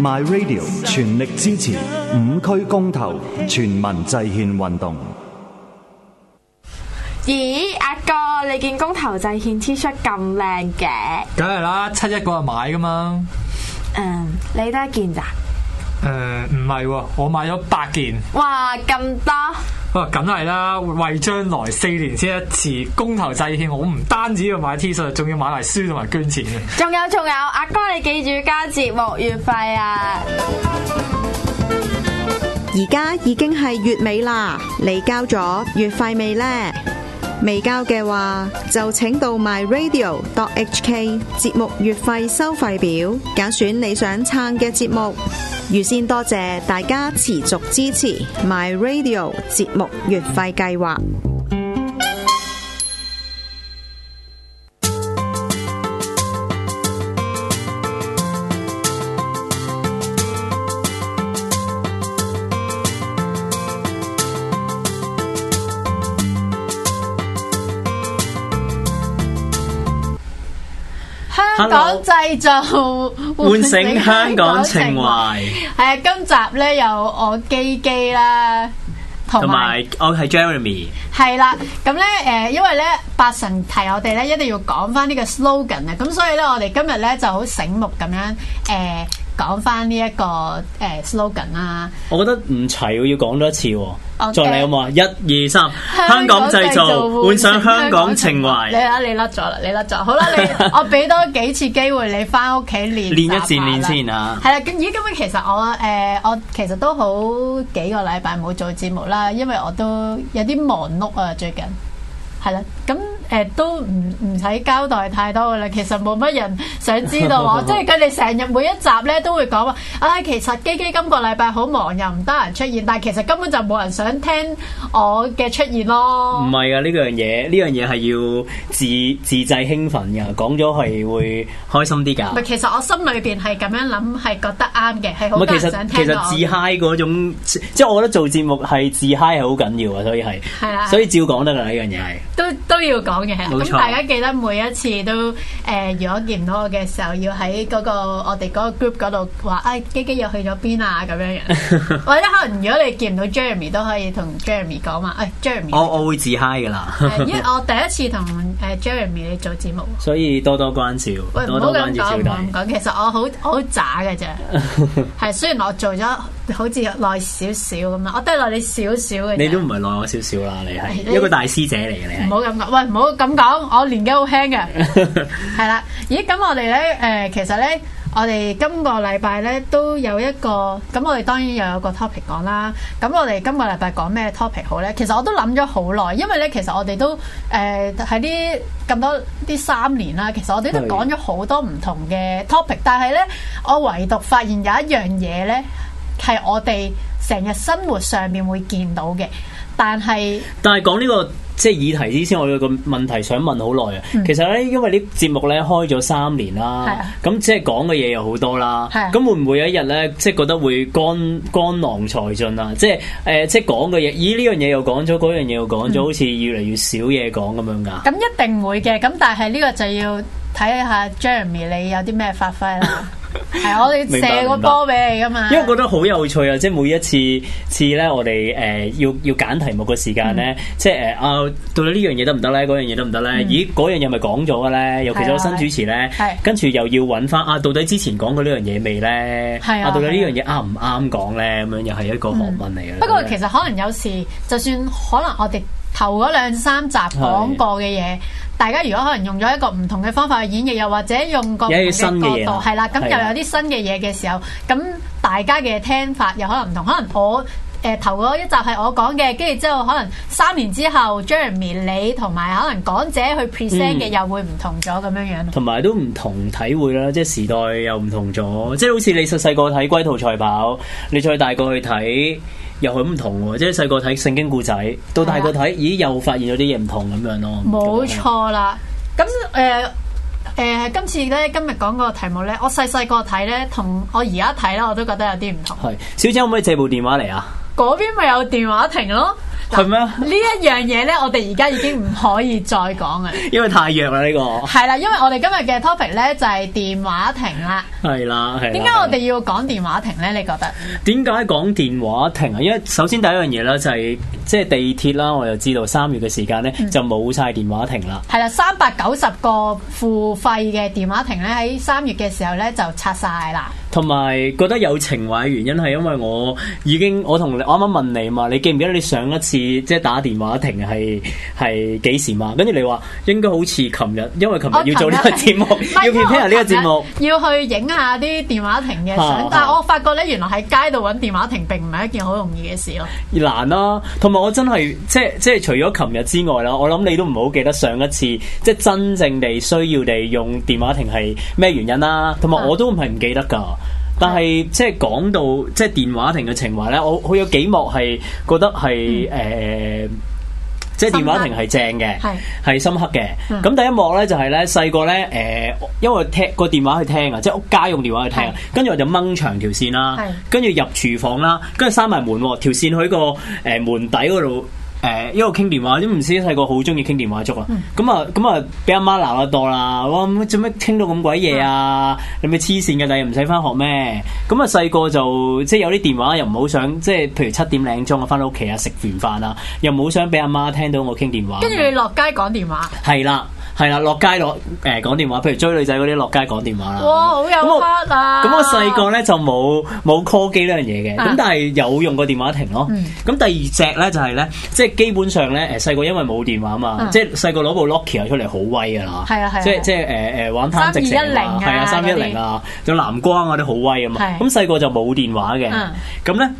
My Radio 全力支持五區公投全民制憲運動。咦，阿哥，哥，你件公投制憲 T 恤咁靚嘅？梗係啦，七一嗰日買㗎嘛。嗯，你得一件咋？誒、呃，唔係喎，我買咗八件。哇，咁多！梗係啦，為將來四年先一次公投制獻，我唔單止要買 T 恤，仲要買埋書同埋捐錢。仲有仲有，阿哥你記住交節目月費啊！而家已經係月尾啦，你交咗月費未呢？未交嘅話，就請到 myradio.hk 節目月費收費表，揀選你想撐嘅節目。預先多謝大家持續支持 My Radio 節目月費計劃。香港製造，喚醒 Hello, 香港情懷。係啊，今集咧有我璣璣啦，同埋我係 Jeremy。係啦，咁咧誒，因為咧八神提我哋咧一定要講翻呢個 slogan 啊，咁所以咧我哋今日咧就好醒目咁樣誒講翻呢一個誒 slogan 啦。我覺得唔齊要講多一次喎。在你啊嘛，一二三，香港製造，換上香港情懷。你啊，你甩咗啦，你甩咗。好啦， 你我俾多幾次機會你翻屋企練。練一次，練先。啊。係啦，咁 咦樂，今日其實我誒、呃，我其實都好幾個禮拜冇做節目啦，因為我都有啲忙碌啊，最近係啦，咁。誒、欸、都唔唔使交代太多噶啦，其實冇乜人想知道我， 即係佢哋成日每一集咧都會講話，唉、啊、其實璣璣今個禮拜好忙又唔得閒出現，但係其實根本就冇人想聽我嘅出現咯。唔係啊，呢樣嘢，呢樣嘢係要自自製興奮噶，講咗係會開心啲㗎。唔係，其實我心裏邊係咁樣諗，係覺得啱嘅，係好多人想聽。唔係，其實其實自 high 嗰種，即係我覺得做節目係自 high 係好緊要啊，所以係係啊，的所以照講得㗎，呢樣嘢係都都，都要講。講嘅，咁沒大家記得每一次都誒，如果見唔到我嘅時候，要喺嗰、嗰個我哋嗰個 group 嗰度話，誒，璣璣又去咗邊啊咁樣樣，或者可能如果你見唔到 Jeremy 都可以同 Jeremy 講嘛，誒、哎、Jeremy，我說我會自嗨噶啦，因為我第一次同誒 Jeremy 你做節目，所以多多關照，喂，唔好咁講，唔好咁講，其實我好好渣嘅啫，係 雖然我做咗。好似耐少少咁啊！我都耐你少少嘅。你都唔係耐我少少啦，你係一個大師姐嚟嘅你。唔好咁講，喂，唔好咁講，我年紀好輕嘅。係啦， 咦？咁我哋咧誒，其實咧，我哋今個禮拜咧都有一個咁，我哋當然又有個 topic 講啦。咁我哋今個禮拜講咩 topic 好咧？其實我都諗咗好耐，因為咧，其實我哋都誒喺呢咁多呢三年啦，其實我哋都講咗好多唔同嘅 topic，的但係咧，我唯獨發現有一樣嘢咧。係我哋成日生活上面會見到嘅，但係但係講呢個即係議題之先，我有個問題想問好耐啊。嗯、其實咧，因為節呢節目咧開咗三年啦，咁即係講嘅嘢又好多啦，咁是、啊、會唔會有一日咧即係覺得會江江郎才盡啊？即係誒，即係講嘅嘢，咦呢、這個、樣嘢又講咗，嗰樣嘢又講咗，好似越嚟越少嘢講咁樣噶？咁一定會嘅，咁但係呢個就要睇下 Jeremy 你有啲咩發揮啦。 係我哋射個波俾你噶嘛？因為我覺得好有趣啊，即係每一次次咧，我哋誒要要揀題目嘅時間咧，嗯、即係誒啊，到底呢樣嘢得唔得咧？嗰樣嘢得唔得咧？嗯、咦，嗰樣嘢咪講咗嘅咧？尤其係新主持咧，嗯、跟住又要揾翻啊，到底之前講過呢樣嘢未咧？嗯、啊，到底對呢樣嘢啱唔啱講咧？咁樣又係一個學問嚟嘅。不過其實可能有時，就算可能我哋頭嗰兩三集講過嘅嘢。嗯嗯大家如果可能用咗一個唔同嘅方法去演繹，又或者用個唔同嘅角度，係啦，咁又有啲新嘅嘢嘅時候，咁大家嘅聽法又可能唔同，可能我，誒、呃，頭嗰一集係我講嘅，跟住之後可能三年之後，Jeremy 你同埋可能講者去 present 嘅又會唔同咗咁樣樣咯。同埋、嗯、都唔同體會啦，即係時代又唔同咗，即係好似你細細個睇《龜兔賽跑》，你再大個去睇又係唔同喎。即係細個睇《聖經故仔》，到大個睇，的咦又發現咗啲嘢唔同咁樣咯。冇錯啦，咁誒誒，今次咧今日講個題目咧，我細細個睇咧，同我而家睇咧，我都覺得有啲唔同。係，小姐可唔可以借部電話嚟啊？嗰邊咪有電話亭咯，係咩？呢一樣嘢咧，我哋而家已經唔可以再講嘅，因為太弱啦呢個。係啦，因為我哋今日嘅 topic 咧就係電話亭啦。係啦，係。點解我哋要講電話亭咧？你覺得？點解講電話亭啊？因為首先第一樣嘢咧就係即係地鐵啦，我又知道三月嘅時間咧就冇晒電話亭啦、嗯。係啦，三百九十個付費嘅電話亭咧喺三月嘅時候咧就拆晒啦。同埋覺得有情懷嘅原因係因為我已經我，同你啱啱問你嘛，你記唔記得你上一次即係打電話亭係係幾時嘛？跟住你話應該好似琴日，因為琴日要做呢個節目，啊、要 prepare 呢個節目，要，節目要去影下啲電話亭嘅相。啊啊、但係我發覺咧，原來喺街度揾電話亭並唔係一件好容易嘅事咯。難啦、啊，同埋我真係即即係除咗琴日之外啦，我諗你都唔好記得上一次即真正地需要地用電話亭係咩原因啦。同埋我都唔係唔記得㗎。嗯但係即係講到即係電話亭嘅情懷咧，我佢有幾幕係覺得係誒、嗯呃，即係電話亭係正嘅，係深刻嘅。咁、嗯、第一幕咧就係咧細個咧誒，因為聽個電話去聽啊，即係屋家用電話去聽，跟住我就掹長條線啦，跟住入廚房啦，跟住閂埋門喎，條線喺個誒門底嗰度。誒，因為我傾電話、嗯、啊啊、電話，啲唔知細個好中意傾電話粥啊。咁啊，咁啊，俾阿媽鬧得多啦。哇，做咩傾到咁鬼嘢啊？你咪黐線嘅，但係又唔使翻學咩？咁啊，細個就即係有啲電話又唔好想，即係譬如七點零鐘我翻到屋企啊，食完飯啊，又唔好想俾阿媽聽到我傾電話。跟住你落街講電話。係啦。係啦，落街攞，誒講電話，譬如追女仔嗰啲落街講電話啦。哇，好有癲啊！咁我細個咧就冇冇 call 機呢樣嘢嘅，咁但係有用過電話亭咯。咁第二隻咧就係咧，即係基本上咧誒細個因為冇電話啊嘛，即係細個攞部 Nokia 出嚟好威啊嘛。係啊係即係即係誒誒玩攤直成一零係啊，三一零啊，有藍光嗰啲好威啊嘛。咁細個就冇電話嘅，咁咧。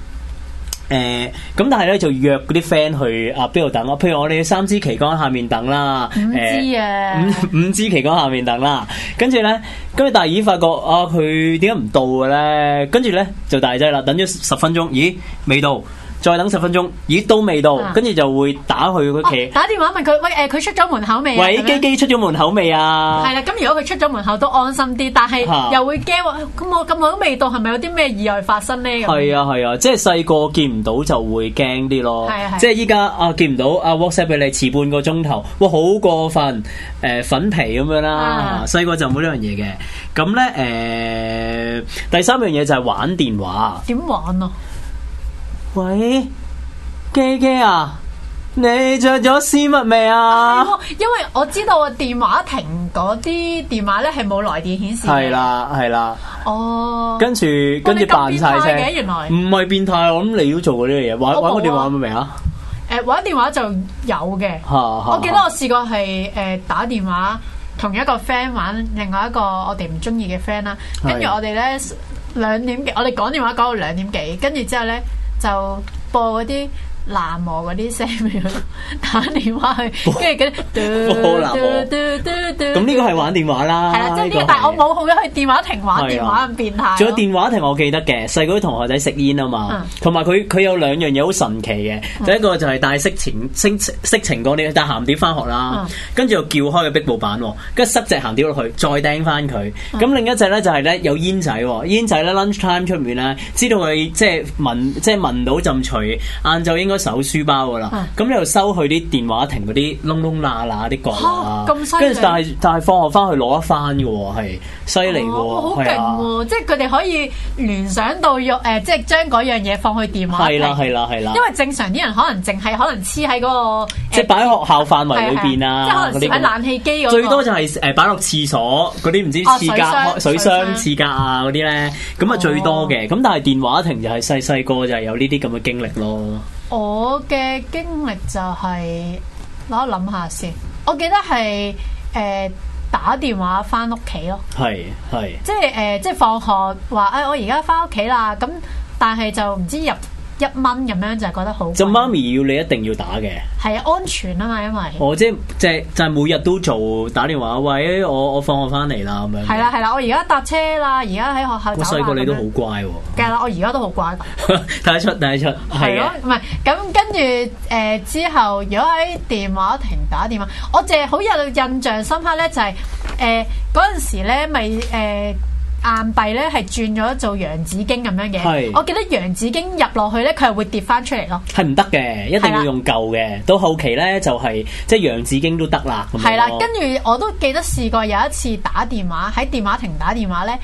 誒，咁、嗯、但係咧就約嗰啲 friend 去啊邊度等咯，譬如我哋三支旗杆下面等啦枝、啊欸，五支五五支旗杆下面等啦，跟住咧，跟住第二日發覺啊，佢點解唔到嘅咧？跟住咧就大劑啦，等咗十分鐘，咦，未到。再等十分鐘，咦都未到，跟住就會打去佢屋企，打電話問佢喂，誒佢出咗門口未？喂，璣、呃、璣出咗門口未啊？係啦喂，咁樣如果佢出咗門口都安心啲，但係又會驚話，咁我咁耐都未到，係咪有啲咩意外發生呢？係啊係啊，即係細個見唔到就會驚啲咯，即係依家啊見唔到啊 WhatsApp 俾你遲半個鐘頭，哇好過分誒、呃、粉皮咁樣啦，細個、啊啊啊、就冇、啊啊、eje 他呢樣嘢嘅，咁咧誒第三樣嘢就係玩電話，點玩我啊？喂，璣璣啊，你着咗絲襪未啊？因為我知道啊，電話亭嗰啲電話咧係冇來電顯示嘅。係啦，係啦。哦。跟住，跟住扮晒嘅，原來唔係變態，我諗你要做過呢樣嘢。玩、啊、玩個電話有有，咪未啊？誒，玩電話就有嘅。啊啊、我記得我試過係誒打電話同一個 friend 玩，另外一個我哋唔中意嘅 friend 啦。跟住我哋咧兩點幾，我哋講電話講到兩點幾，跟住之後咧。就播嗰啲。南摩嗰啲聲咪咯，打電話去，跟住啲嘟嘟嘟嘟嘟，咁呢個係玩電話啦。係啦，即係呢個，但係我冇好中意電話亭玩電話咁變態。仲有電話亭我記得嘅，細個啲同學仔食煙啊嘛，同埋佢佢有兩樣嘢好神奇嘅，第一個就係帶色情、色情嗰啲，帶鹹碟翻學啦，跟住又叫開個壁布板，跟住塞隻鹹碟落去，再釘翻佢。咁另一隻咧就係咧有煙仔喎，煙仔咧 lunch time 出面咧，知道佢即係聞即係聞到浸除晏晝應該。手書包噶啦，咁又收佢啲電話亭嗰啲窿窿罅罅啲角落啊，跟住但係但係放學翻去攞一翻嘅喎，係犀利喎，好勁喎！即係佢哋可以聯想到用誒，即係將嗰樣嘢放去電話亭，係啦係啦係啦，因為正常啲人可能淨係可能黐喺嗰個即係擺喺學校範圍裏邊啊，即係可能擺喺冷氣機嗰個最多就係誒擺落廁所嗰啲唔知廁格、水箱、廁格啊嗰啲咧，咁啊最多嘅，咁但係電話亭就係細細個就係有呢啲咁嘅經歷咯。我嘅經歷就係、是，我諗下先。我記得係誒、呃、打電話翻屋企咯，係係、呃，即係誒即係放學話啊、哎！我而家翻屋企啦，咁但係就唔知入。一蚊咁樣就係、是、覺得好。就媽咪要你一定要打嘅。係啊，安全啊嘛，因為、就是。我即係即係即係每日都做打電話喂，我我放學翻嚟啦，咁、啊啊啊、樣。係啦係啦，我而 家搭車啦，而家喺學校。細個你都好乖。梗啦，我而家都好乖。睇得出，睇得出。係咯，唔係咁跟住誒、呃、之後，如果喺電話亭打電話，我淨係好有印象深刻咧、就是，就係誒嗰陣時咧，咪、呃、誒。硬幣咧係轉咗做洋紫荊咁樣嘅，是我記得洋紫荊入落去咧，佢係會跌翻出嚟咯，係唔得嘅，一定要用舊嘅。是的 到後期咧就係、是、即係洋紫荊都得啦。係啦的，的跟住我都記得試過有一次打電話喺電話亭打電話咧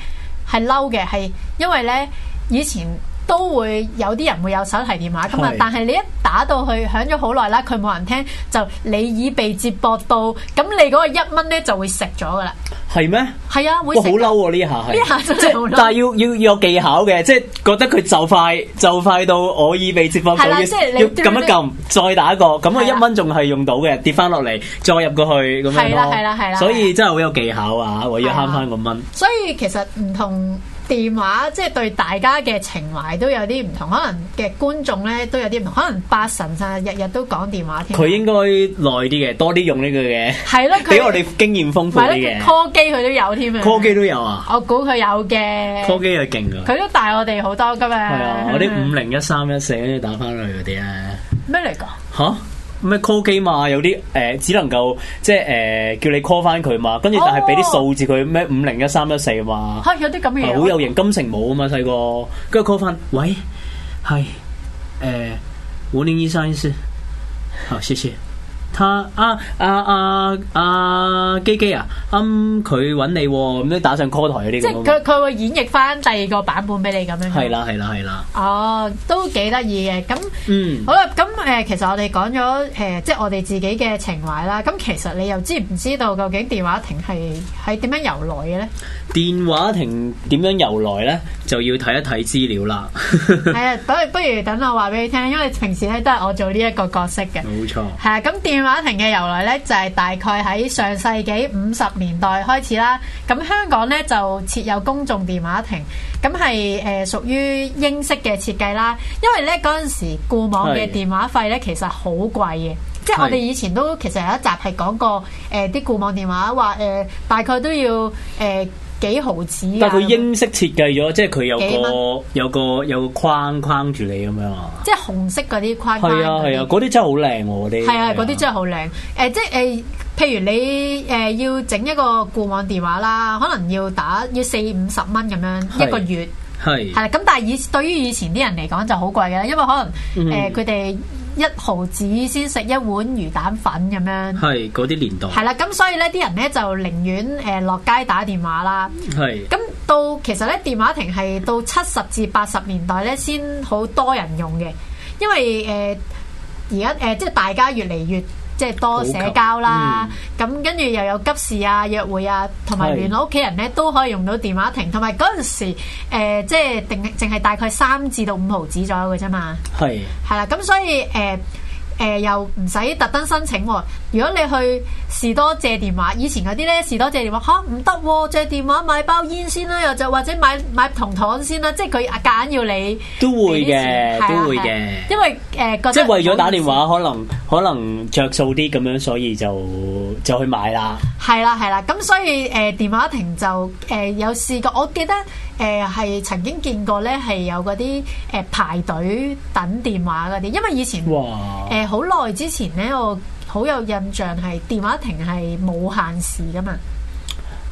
係嬲嘅，係因為咧以前。都會有啲人會有手提電話咁啊，但係你一打到去響咗好耐啦，佢冇人聽，就你已被接駁到，咁你嗰個一蚊咧就會食咗噶啦。係咩？係啊，會。好嬲喎，呢下係。呢下真係好嬲。但係要要要有技巧嘅，即係覺得佢就快就快到我已被接駁到，所以要撳一撳，再打一個，咁佢一蚊仲係用到嘅，跌翻落嚟再入過去咁樣咯。係啦，係啦，係啦。所以真係要有技巧啊，我要慳翻個蚊。所以其實唔同。電話即係對大家嘅情懷都有啲唔同，可能嘅觀眾咧都有啲唔同，可能八神啊，日日日都講電話添。佢應該耐啲嘅，多啲用呢個嘅。係咯，佢俾我哋經驗豐富啲嘅。call 機佢都有添啊。call 機都有啊。我估佢有嘅。call 機係勁噶。佢都大我哋好多噶嘛。係啊，我啲五零一三一四都要打翻去嗰啲啊。咩嚟噶？吓？咩 call 機嘛？有啲誒、呃、只能夠即係誒叫你 call 翻佢嘛，跟住但係俾啲數字佢咩五零一三一四嘛，係有啲咁嘅嘢，好有型，金城武啊嘛細個，跟住 call 翻喂係誒五年醫生先，好，謝謝。啊阿阿阿阿基基啊，啱佢揾你咁咧，打上 call 台嗰啲咁，即係佢佢會演繹翻第二個版本俾你咁樣。係啦係啦係啦。哦，都幾得意嘅，咁嗯好啦，咁誒，其實我哋講咗誒，即係我哋自己嘅情懷啦。咁其實你又知唔知道究竟電話亭係係點樣由來嘅咧？電話亭點樣由來咧？就要睇一睇資料啦。 係啊，不不如等我話俾你聽，因為平時咧都係我做呢一個角色嘅。冇錯。係啊，咁電話亭嘅由來咧，就係、是、大概喺上世紀五十年代開始啦。咁香港咧就設有公眾電話亭，咁係誒屬於英式嘅設計啦。因為咧嗰陣時固網嘅電話費咧是其實好貴嘅，是即係我哋以前都其實有一集係講過誒啲、呃、固網電話話誒、呃、大概都要誒。呃幾毫紙？但係佢英式設計咗，即係佢有個元有個有個框框住你咁樣。即係紅色嗰啲框。係啊係啊，嗰啲真係好靚喎嗰啲。係啊，嗰啲真係好靚。誒，即係誒，譬如你誒、呃、要整一個固網電話啦，可能要打要四五十蚊咁樣一個月。係。係啦，咁但係以對於以前啲人嚟講就好貴嘅啦，因為可能誒佢哋。呃呃呃一毫子先食一碗魚蛋粉咁樣，係嗰啲年代係啦，咁所以呢啲人呢，就寧願誒、呃、落街打電話啦，係的。咁到其實呢，電話亭係到七十至八十年代呢，先好多人用嘅，因為誒而家誒即係大家越嚟越。即係多社交啦，咁跟住又有急事啊、約會啊，同埋聯絡屋企人咧是都可以用到電話亭，同埋嗰陣時、呃、即係定淨係大概三至到五毫子左右嘅啫嘛。係是，係啦，咁、嗯、所以誒。呃誒又唔使特登申請喎。如果你去士多借電話，以前嗰啲咧士多借電話吓唔得喎，借電話買包煙先啦，又就或者買買糖糖先啦。即係佢夾硬要你都會嘅，都會嘅。因為誒覺得即係為咗打電話，可能可能著數啲咁樣，所以就就去買啦。係啦，係啦。咁所以誒電話亭就誒有試過，我記得誒係曾經見過咧，係有嗰啲誒排隊等電話嗰啲，因為以前誒。好耐之前咧，我好有印象係電話亭係冇限時噶嘛。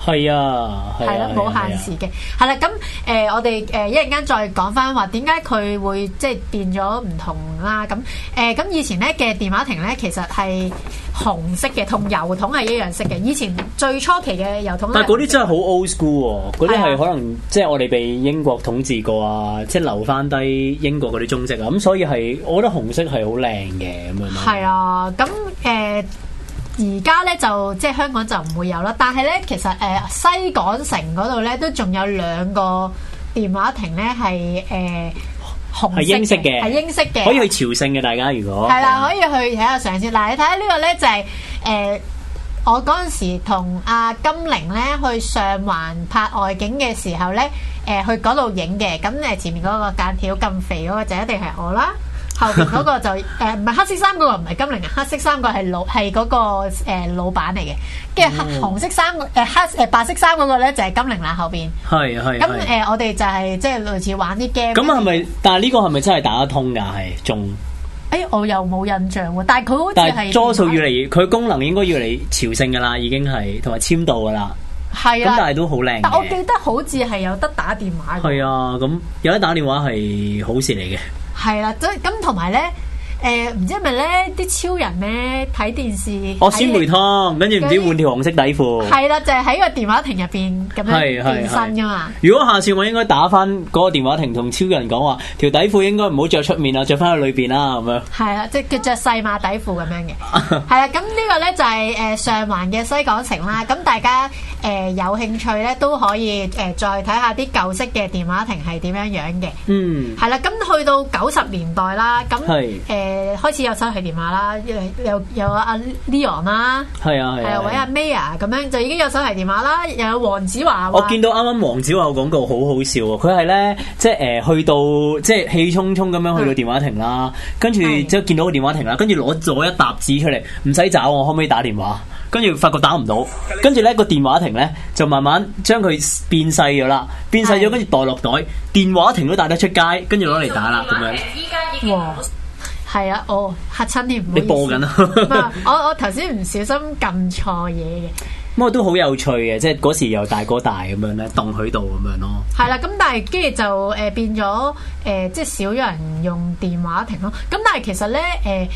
係啊，係啦、啊，冇、啊啊啊啊、限時嘅，係啦、啊，咁誒、呃，我哋誒、呃、一陣間再講翻話點解佢會即係變咗唔同啦、啊，咁誒咁以前咧嘅電話亭咧其實係紅色嘅，同郵筒係一樣色嘅。以前最初期嘅郵筒，但係嗰啲真係好 old school 喎、啊，嗰啲係可能、啊、即係我哋被英國統治過啊，即係留翻低英國嗰啲中式啊，咁所以係我覺得紅色係好靚嘅咁樣咯。啊，咁、嗯、誒。嗯而家咧就即係香港就唔會有啦，但係咧其實誒、呃、西港城嗰度咧都仲有兩個電話亭咧係誒紅。係英式嘅。係英式嘅。可以去朝聖嘅大家如果。係啦，可以去睇下上次。嗱，你睇下呢個咧就係、是、誒、呃、我嗰陣時同阿、啊、金玲咧去上環拍外景嘅時候咧誒、呃、去嗰度影嘅，咁誒前面嗰個間條咁肥嗰、那個就一定係我啦。後邊嗰個就誒，唔係黑色衫嗰個，唔係金陵啊，黑色衫嗰個係老係嗰個誒老闆嚟嘅，跟住黑紅色衫嗰個誒黑誒白色衫嗰個咧就係金陵啦，後邊係係咁誒我哋就係即係類似玩啲 game 咁係咪？但係呢個係咪真係打得通噶？係仲哎呀我又冇印象喎，但係佢好似係多數越嚟越佢功能應該越嚟朝聖噶啦，已經係同埋簽到噶啦，係啊咁但係都好靚。但係我記得好似係有得打電話，係啊咁有得打電話係好事嚟嘅。係啦，即係咁同埋咧。誒唔知係咪咧？啲超人咧睇電視，我酸梅湯，跟住唔知換條紅色底褲。係啦，就係喺個電話亭入邊咁樣變身噶嘛。如果下次我應該打翻嗰個電話亭，同超人講話條底褲應該唔好著出面啊，著翻去裏邊啦咁樣。係啊，即係叫著細碼底褲咁樣嘅。係啦，咁呢個咧就係誒上環嘅西港城啦。咁大家誒有興趣咧都可以誒再睇下啲舊式嘅電話亭係點樣樣嘅。嗯，係啦，咁去到九十年代啦，咁係誒。誒開始有手提電話啦，又有阿、啊、Leon 啦，係啊，係啊，喂，阿 May 啊，咁、啊啊、樣就已經有手提電話啦，又有黃子華。我見到啱啱黃子華嘅廣告好好笑喎，佢係咧即係誒、呃、去到即係氣沖沖咁樣去到電話亭啦，跟住就見到個電話亭啦，跟住攞咗一沓紙出嚟，唔使找我，可唔可以打電話？跟住發覺打唔到，跟住咧個電話亭咧就慢慢將佢變細咗啦，變細咗跟住袋落袋，電話亭都帶得出街，跟住攞嚟打啦咁樣。係啊，哦，嚇親添，你播緊啊！ 我我頭先唔小心撳錯嘢嘅。不過，都好有趣嘅，即係嗰時由大哥大咁樣咧，洞喺度咁樣咯。係啦、啊，咁但係跟住就誒變咗誒、呃，即係少人用電話亭咯。咁但係其實咧誒、呃，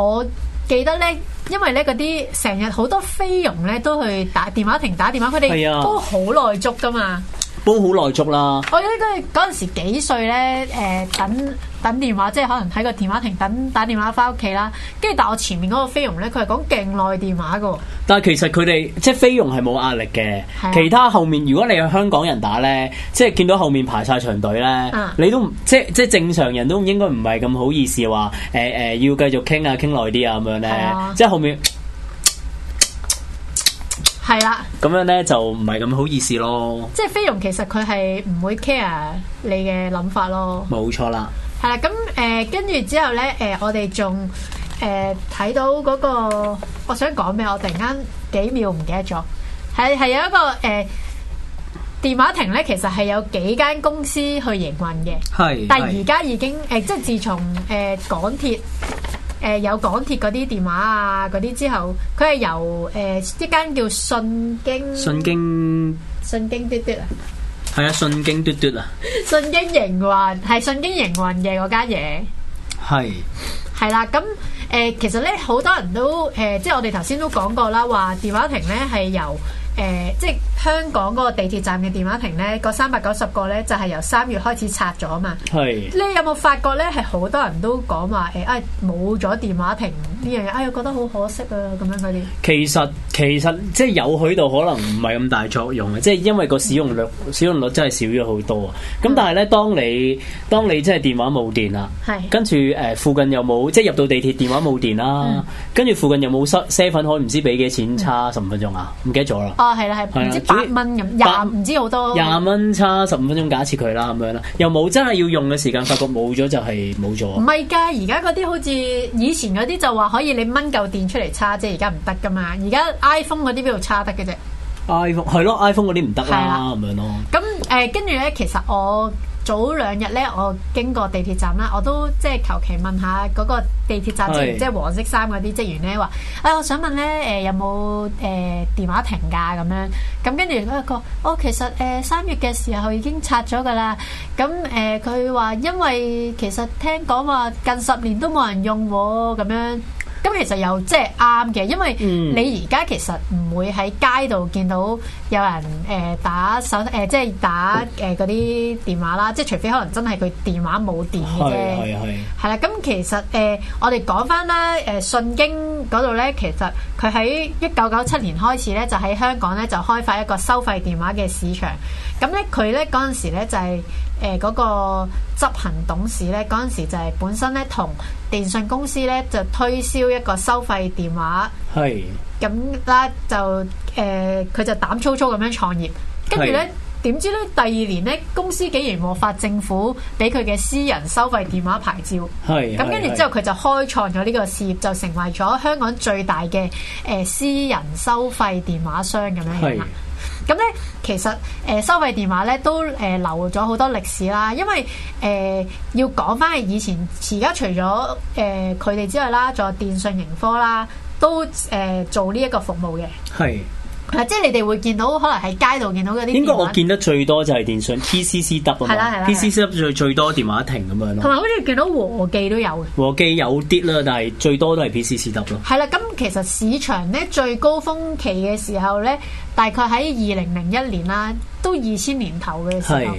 我記得咧，因為咧嗰啲成日好多菲傭咧都去打電話亭打電話，佢哋都好耐足噶嘛。煲好耐粥啦、哦！我記得嗰陣時幾歲咧？誒、呃，等等電話，即係可能喺個電話亭等打電話翻屋企啦。跟住，但我前面嗰個菲傭咧，佢係講勁耐電話噶、哦。但係其實佢哋即係菲傭係冇壓力嘅，啊、其他後面如果你係香港人打咧，即係見到後面排晒長隊咧，啊、你都唔，即即正常人都應該唔係咁好意思話誒誒，要繼續傾啊傾耐啲啊咁樣咧。即係後面。係啦，咁樣咧就唔係咁好意思咯。即係飛龍，其實佢係唔會 care 你嘅諗法咯錯。冇錯啦。係、呃、啦，咁誒，跟住之後咧，誒、呃，我哋仲誒睇到嗰個，我想講咩？我突然間幾秒唔記得咗，係係有一個誒、呃、電話亭咧，其實係有幾間公司去營運嘅。係，係但係而家已經誒係、呃，即係自從誒、呃、港鐵。誒有港鐵嗰啲電話啊，嗰啲之後，佢係由誒一間叫信經，信經，信經嘟嘟啊，係啊，信經嘟嘟啊，信經營運係信經營運嘅嗰間嘢，係係啦，咁誒其實咧好多人都誒，即係我哋頭先都講過啦，話電話亭咧係由誒即係。香港嗰個地鐵站嘅電話亭咧，嗰三百九十個咧就係由三月開始拆咗嘛。係，是 你有冇發覺咧？係好多人都講話誒，哎冇咗電話亭呢樣嘢，哎又覺得好可惜啊咁樣嗰啲。其實其實即係有佢度，可能唔係咁大作用啊。即係因為個使用率使用率真係少咗好多啊。咁但係咧，當你當你即係電話冇電啦，係是 跟住誒附近又冇即係入到地鐵電話冇電啦，嗯、跟住附近又冇塞份，可唔知俾幾錢差十五分鐘啊？唔記得咗啦。哦、啊，係啦，係唔知八蚊咁，廿唔 8, 知好多。廿蚊差十五分鐘，假設佢啦咁樣啦，又冇真係要用嘅時間，發覺冇咗就係冇咗。唔係㗎，而家嗰啲好似以前嗰啲就話可以你掹嚿電出嚟叉啫，而家唔得噶嘛。而家 iPhone 嗰啲邊度差得嘅啫？iPhone 係咯，iPhone 嗰啲唔得啦咁樣咯。咁誒，跟住咧，其實我。早兩日咧，我經過地鐵站啦，我都即係求其問下嗰、那個地鐵站職員，是即係黃色衫嗰啲職員咧話：，哎，我想問咧，誒、呃、有冇誒、呃、電話亭㗎咁樣？咁跟住咧個，哦，其實誒、呃、三月嘅時候已經拆咗㗎喇。咁誒佢話因為其實聽講話近十年都冇人用喎，咁樣。咁其實又即係啱嘅，因為你而家其實唔會喺街度見到。嗯有人誒、呃、打手誒、呃，即係打誒嗰啲電話啦，即係除非可能真係佢電話冇電嘅啫。係係啦，咁其實誒、呃，我哋講翻啦，誒、呃、信經嗰度呢，其實佢喺一九九七年開始呢，就喺香港呢，就開發一個收費電話嘅市場。咁呢，佢呢嗰陣時咧就係誒嗰個執行董事呢，嗰陣時就係本身呢，同電信公司呢，就推銷一個收費電話係。咁啦，就誒佢、呃、就膽粗粗咁樣創業，跟住咧，點知咧，第二年咧公司竟然獲發政府俾佢嘅私人收費電話牌照。係，咁跟住之後佢就開創咗呢個事業，就成為咗香港最大嘅誒、呃、私人收費電話商咁樣樣啦。咁咧是是 其實誒、呃、收費電話咧都誒留咗好多歷史啦，因為誒、呃、要講翻係以前而家除咗誒佢哋之外啦，仲有電訊盈科啦。都誒做呢一個服務嘅係，是啊即係你哋會見到可能喺街度見到嗰啲，應該我見得最多就係電信 PCCW 啊嘛，PCCW 最最多電話亭咁樣咯，同埋好似見到和記都有嘅，和記有啲啦，但係最多都係 PCCW 咯。係啦，咁、嗯、其實市場咧最高峰期嘅時候咧，大概喺二零零一年啦，都二千年頭嘅時候。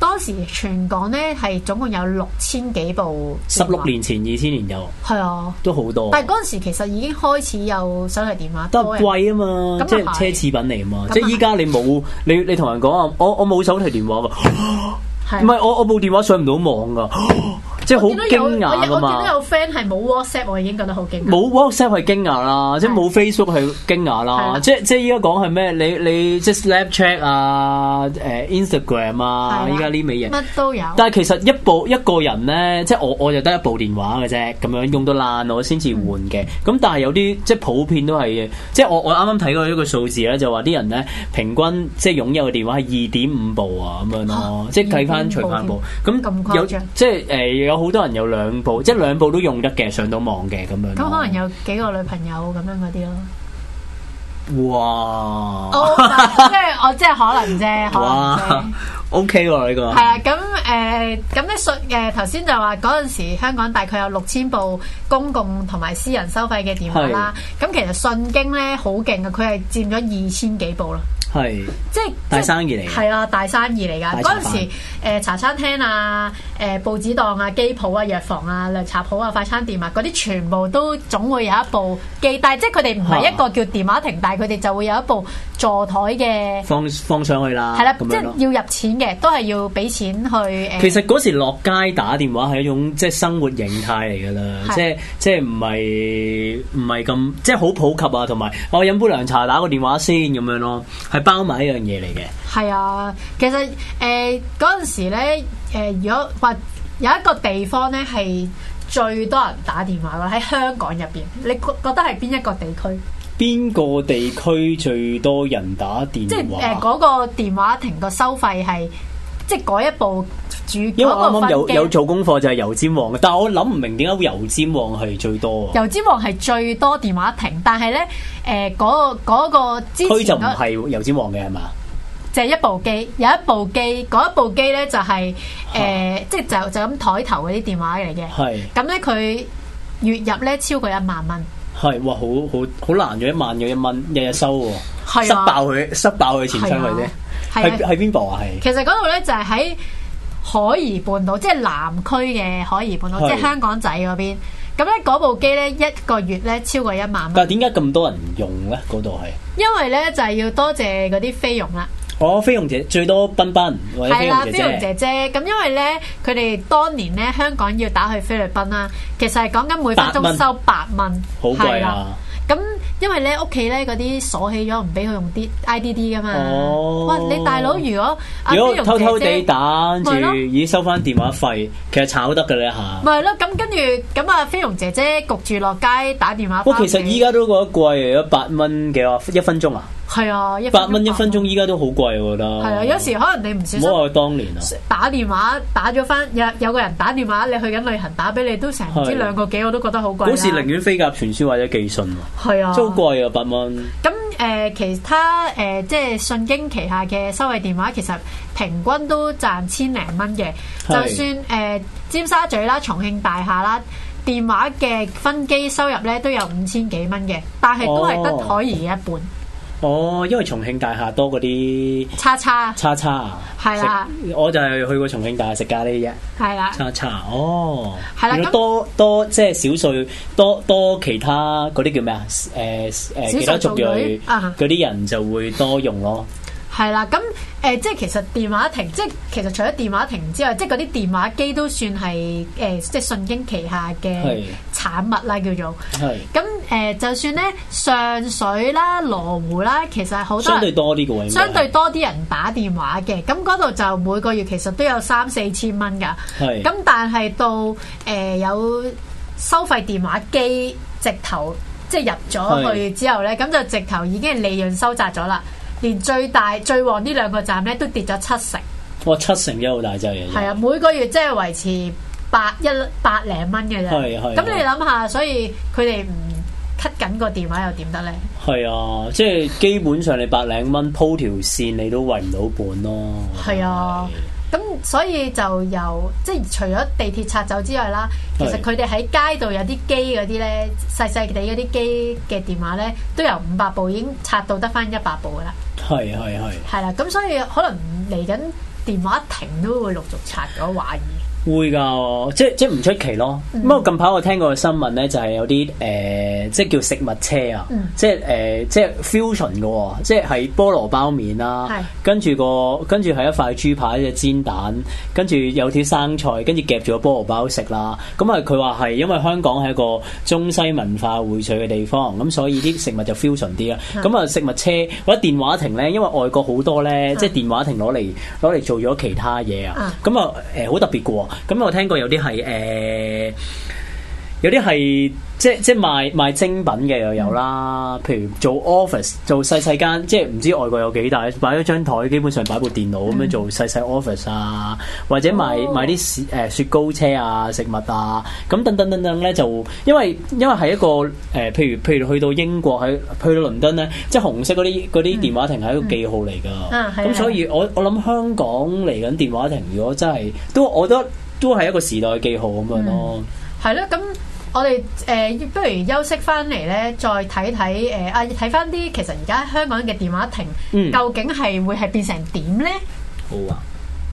當時全港咧係總共有六千幾部，十六年前二千年有，係啊，都好多。但係嗰陣時其實已經開始有手提電話，都貴啊嘛，即係奢侈品嚟啊嘛。即係依家你冇，你你同人講啊，嗎我我冇手提電話㗎，唔係我我部電話上唔到網㗎。啊。即係好驚訝，我見到有 friend 係冇 WhatsApp，我已經覺得好驚訝。冇 WhatsApp 係驚訝啦，即係冇 Facebook 係驚訝啦。即係即係依家講係咩？你你即係 Snapchat 啊，誒 Instagram 啊，依家呢啲嘢，乜都有。但係其實一部一個人咧，即係我我就得一部電話嘅啫，咁樣用到爛我先至換嘅。咁但係有啲即係普遍都係，即係我我啱啱睇過一個數字咧，就話啲人咧平均即係擁有嘅電話係二點五部啊咁樣咯，即係計翻除翻部咁有即係誒。有好多人有兩部，即係兩部都用得嘅，上到網嘅咁樣。咁 可能有幾個女朋友咁樣嗰啲咯。哇！即係我即係可能啫。哇！O K 喎，呢個係啊，咁誒，咁啲信誒，頭先就話嗰陣時香港大概有六千部公共同埋私人收費嘅電話啦。咁是其實信經咧好勁啊，佢係佔咗二千幾部咯。係， 即係是大生意嚟嘅，係啦，大生意嚟噶。嗰陣時，茶餐廳啊、誒、呃、報紙檔啊、機鋪啊、藥房啊、涼茶鋪啊、快餐店啊，嗰啲全部都總會有一部機，但係即係佢哋唔係一個叫電話亭，啊、但係佢哋就會有一部座台嘅放放上去啦。係的啦，即係要入錢嘅，都係要俾錢去。其實嗰時落街打電話係一種即係、就是、生活形態嚟噶啦，即係即係唔係唔係咁即係好普及啊，同埋我飲杯涼茶打個電話先咁樣咯。係。包埋一樣嘢嚟嘅，係啊，其實誒嗰陣時咧，誒、呃、如果話有一個地方咧，係最多人打電話嘅，喺香港入邊，你覺覺得係邊一個地區？邊個地區最多人打電話？即係誒嗰個電話亭個收費係。即係嗰一部主嗰個分機，因為啱啱有有做功課就係油尖旺嘅，但係我諗唔明點解會油尖旺係最多。油尖旺係最多電話亭，但係咧，誒，嗰個嗰個佢就唔係油尖旺嘅係嘛？就係一部機，有一部機，嗰一部機咧就係誒，即係就就咁抬頭嗰啲電話嚟嘅。係咁咧，佢月入咧超過一萬蚊。係哇，好好好難嘅，一萬嘅一蚊，日日收喎，塞爆佢，塞爆佢錢箱嚟啫。係係邊部啊？係其實嗰度咧就係喺海怡半島，即係南區嘅海怡半島，即係香港仔嗰邊。咁咧嗰部機咧一個月咧超過一萬蚊。但係點解咁多人用咧？嗰度係因為咧就係要多謝嗰啲菲傭啦。哦，菲傭姐最多賓賓，係啦，菲傭姐姐。咁因為咧，佢哋當年咧香港要打去菲律賓啦，其實係講緊每分鐘收八蚊，好貴啊。咁，因為咧屋企咧嗰啲鎖起咗，唔俾佢用啲 I.D.D. 噶嘛。哦、哇，你大佬如果如果偷偷地打住，姐姐已經收翻電話費，其實炒得㗎啦嚇。咪咯，咁跟住咁啊，飛龍姐姐焗住落街打電話。哇，其實依家都覺得貴，有八蚊幾啊，一分鐘啊？係啊，一百蚊一分鐘，依家都好貴喎。我覺得係啊，有時可能你唔小心。唔好話當年啊，打電話打咗翻有有個人打電話，你去緊旅行打俾你都成唔知兩個幾，我都覺得好貴好似時寧願飛鴿傳書或者寄信喎。係啊，都貴啊，八蚊、啊。咁誒、呃，其他誒、呃，即係信經旗下嘅收費電話，其實平均都賺千零蚊嘅。是就算誒、呃，尖沙咀啦、重慶大廈啦，電話嘅分機收入咧都有五千幾蚊嘅，但係都係得海怡一半。哦哦，因為重慶大廈多嗰啲叉叉。叉叉，係啦，的我就係去過重慶大廈食咖喱啫。係啦的。叉叉，哦。係啦的。多那多即係少數多多其他嗰啲叫咩啊？誒誒、呃，其他族裔嗰啲人就會多用咯。係啦，咁誒、呃，即係其實電話亭，即係其實除咗電話亭之外，即係嗰啲電話機都算係誒、呃，即係信興旗下嘅。產物啦，叫做，咁誒是、呃，就算咧上水啦、羅湖啦，其實係好多相對多啲嘅位，相對多啲人打電話嘅，咁嗰度就每個月其實都有三四千蚊㗎，咁是但係到誒、呃、有收費電話機直頭即係入咗去之後咧，咁是就直頭已經係利潤收窄咗啦，連最大最旺呢兩個站咧都跌咗七成，哇、哦，七成一好大劑，係啊，每個月即係維持。百一百零蚊嘅啫，咁、啊、你諗下，啊、所以佢哋唔 cut 緊個電話又點得咧？係啊，即係基本上你百零蚊鋪條線，你都維唔到半咯。係啊，咁、啊、所以就由即係除咗地鐵拆走之外啦，其實佢哋喺街度有啲機嗰啲咧，細細地嗰啲機嘅電話咧，都由五百部已經拆到得返一百部噶啦。係係係。係啦、啊，咁、啊啊、所以可能嚟緊電話亭都會陸續拆咗話語。 啊會噶，即即唔出奇咯。咁我近排我聽過個新聞咧，就係有啲誒，即叫食物車啊、嗯呃，即誒即 fusion 嘅，即係菠蘿包麵啦，跟住個跟住係一塊豬扒、隻煎蛋，跟住有條生菜，跟住夾住個菠蘿包食啦。咁啊，佢話係因為香港係一個中西文化薈萃嘅地方，咁所以啲食物就 fusion 啲啊。咁啊是，嗯嗯、食物車或者電話亭咧，因為外國好多咧，即電話亭攞嚟攞嚟做咗其他嘢啊。咁啊，誒好特別嘅。咁、嗯、我聽過有啲係誒。呃有啲係即即賣賣精品嘅又有啦，譬如做 office 做細細間，即係唔知外國有幾大擺咗張台，基本上擺部電腦咁樣做細細 office 啊，或者賣賣啲雪雪糕車啊、食物啊，咁等等等等咧，就因為因為係一個誒，譬如譬如去到英國喺去到倫敦咧，即係紅色嗰啲啲電話亭係一個記號嚟㗎。咁、嗯嗯啊嗯、所以我我諗香港嚟緊電話亭，如果真係都，我都都係一個時代嘅記號咁樣咯。係咯、嗯，咁、嗯。我哋誒、呃、不如休息翻嚟咧，再睇睇誒啊睇翻啲其實而家香港嘅電話亭，嗯、究竟係會係變成點咧？好啊！